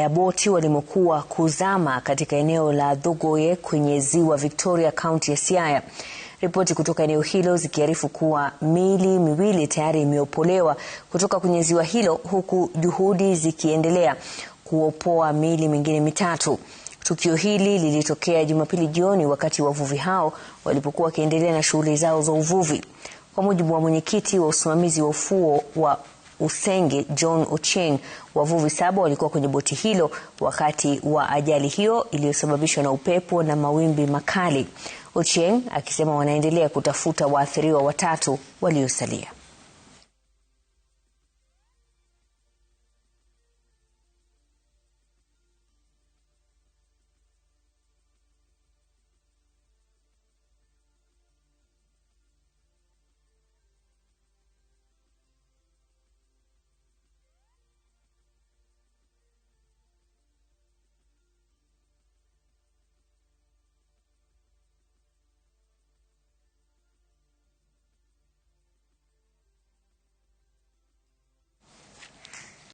ya boti walimokuwa kuzama katika eneo la Dhogoye kwenye ziwa Victoria, kaunti ya Siaya. Ripoti kutoka eneo hilo zikiarifu kuwa miili miwili tayari imeopolewa kutoka kwenye ziwa hilo huku juhudi zikiendelea kuopoa miili mingine mitatu. Tukio hili lilitokea Jumapili jioni wakati wavuvi hao walipokuwa wakiendelea na shughuli zao za uvuvi. Kwa mujibu wa mwenyekiti wa usimamizi wa ufuo wa Usenge John Ocheng. Wavuvi saba walikuwa kwenye boti hilo wakati wa ajali hiyo iliyosababishwa na upepo na mawimbi makali. Ocheng akisema wanaendelea kutafuta waathiriwa watatu waliosalia.